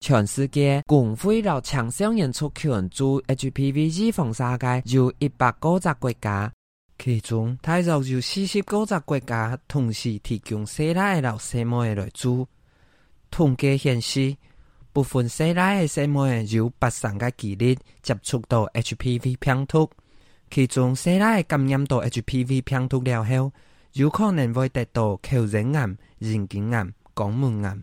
全世界共披露廠商演出強做 HPV 預防篩介有一百九十國家，其中大約有四十九十國家同時提供西拉嘅老西妹嘅嚟做。統計顯示，部分西拉嘅西妹有八成嘅幾率接觸到 HPV 病毒，其中西拉嘅感染到 HPV 病毒了後，有可能會得到口咽癌、宮頸癌、肛門癌。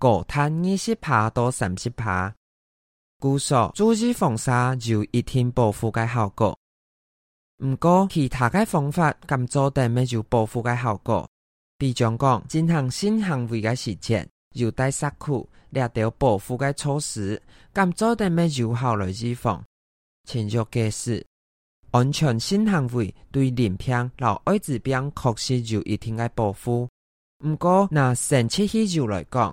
果炭二十爬多三十趴，故說注意防曬有一定保護該效果。唔過其他嘅方法咁做，定咩有保護該效果？比講講進行性行為嘅時節，就帶殺庫列到保護該措施，咁做定咩有好來預防？前就嘅釋，安全性行為對淋病、老艾滋病確實有一定嘅保護。唔過那成七起就來講。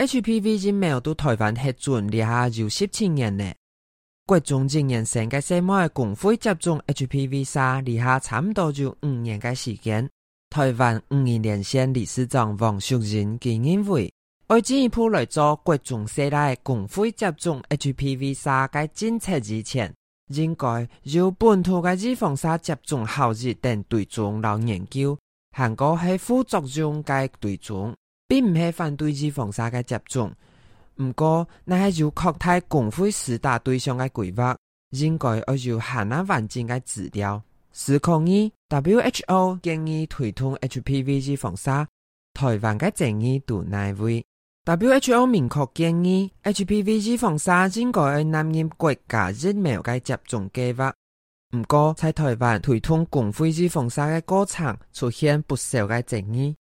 H.P.V. 疫苗在台灣核准以下就十七年呢？國中成人嘅細蚊嘅公費接種 H.P.V. 三，以下差不多就五年嘅時間。台灣五年連線理事長王淑仁建議，為進一步來做國中細大嘅公費接種 H.P.V. 三嘅政策之前，應該由本土嘅脂防沙接種後日等對象來研究，韓國係副作用嘅對象。並唔係反對脂防沙嘅接種，唔過，那就確太公費四大對象嘅規劃，應該由就行翻境的嘅字條。四抗二，WHO 建議推通 HPV 脂防沙，台灣嘅建議度奈會。WHO 明確建議 HPV 脂防沙應該由納入國家疫苗嘅接種計劃，唔過，在台灣推通公費脂防沙嘅過程出現不少嘅爭議。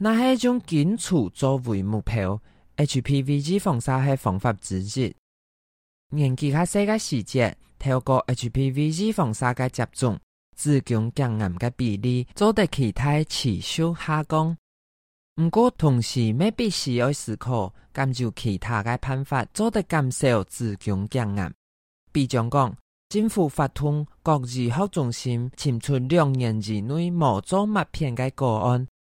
那係一種檢處作為目標，HPV G 防沙係方法之一。年紀較細嘅時節，透過 HPV G 防沙嘅接種，子宮頸癌嘅比例做得其他的持續下降。毋過同時，未必是要思考，感受其他嘅辦法做得減少子宮頸癌。比如講，政府發通各際復中心，清出兩年之內無做抹片嘅個案。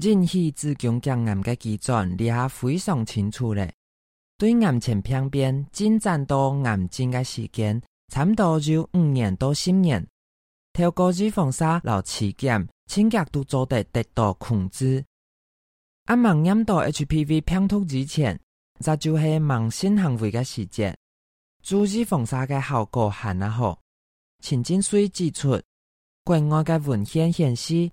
引起子宮頸癌嘅基轉，你也非常清楚咧。對癌前病變進展到癌症嘅時間，差不多就五年到十年。透過脂肪沙，留期間，清潔都做得得到控制。阿萬一到 HPV 病毒之前，那就係慢性行為嘅時節，阻止防殺嘅效果很好。陳進水指出，國外嘅文獻顯示。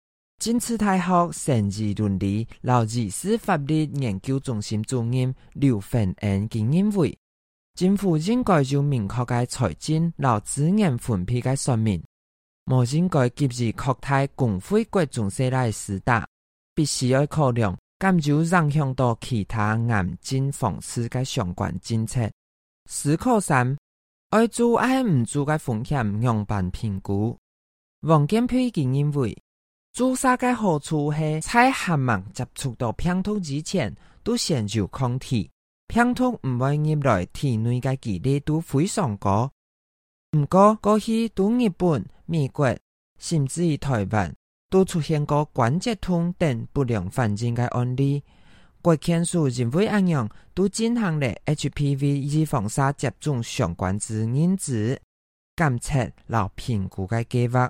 劍橋大學城市倫理和歷史法律研究中心主任劉凡恩建會，政府應該就明確嘅財政和資源分配嘅說明，冇應該急於擴大公費貴重設備嘅時達，必須要考量，減少影響到其他癌症防治嘅相關政策。史可三：愛做愛唔做嘅風險樣本評估，王建平建議會。珠三角好處係，采項目接觸到病毒之前，都上就抗體。病毒唔會入來體內嘅幾率都會上高。唔過過去到日本、美國，甚至於台灣，都出現過關節痛等不良反應嘅案例。嘉義市認為，同樣都進行了 HPV 預防針接種相關之因子監測、來評估嘅計劃。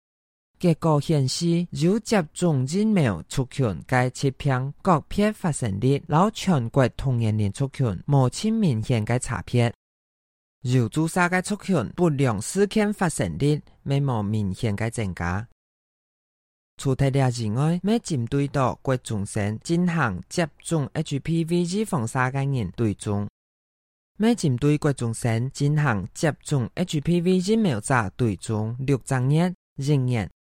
結果顯示，接種疫苗出現該切片國片發生率，老全國同年齡出現無明顯性差別。有注射嘅出現不良事件發生率，未無明顯嘅增加。除特諒之外，咩針對到國中生進行接種 HPV 之防沙嘅人對中，咩針對國中生進行接種 HPV 疫苗者對中六十年仍然。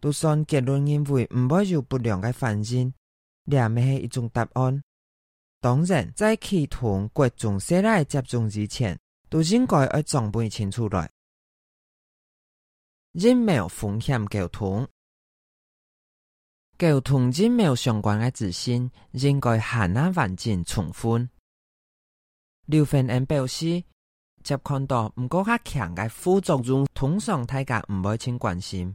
就算結論認為唔會有不良嘅反應，也毋係一種答案。當然，在啟動各種涉賴接種之前，都應該要準備清楚來。人沒有風險溝通，溝通人沒有相關嘅資訊，應該很難完境重判。劉凡恩表示，接看到唔夠較強嘅副作用，通常大家唔會請關心。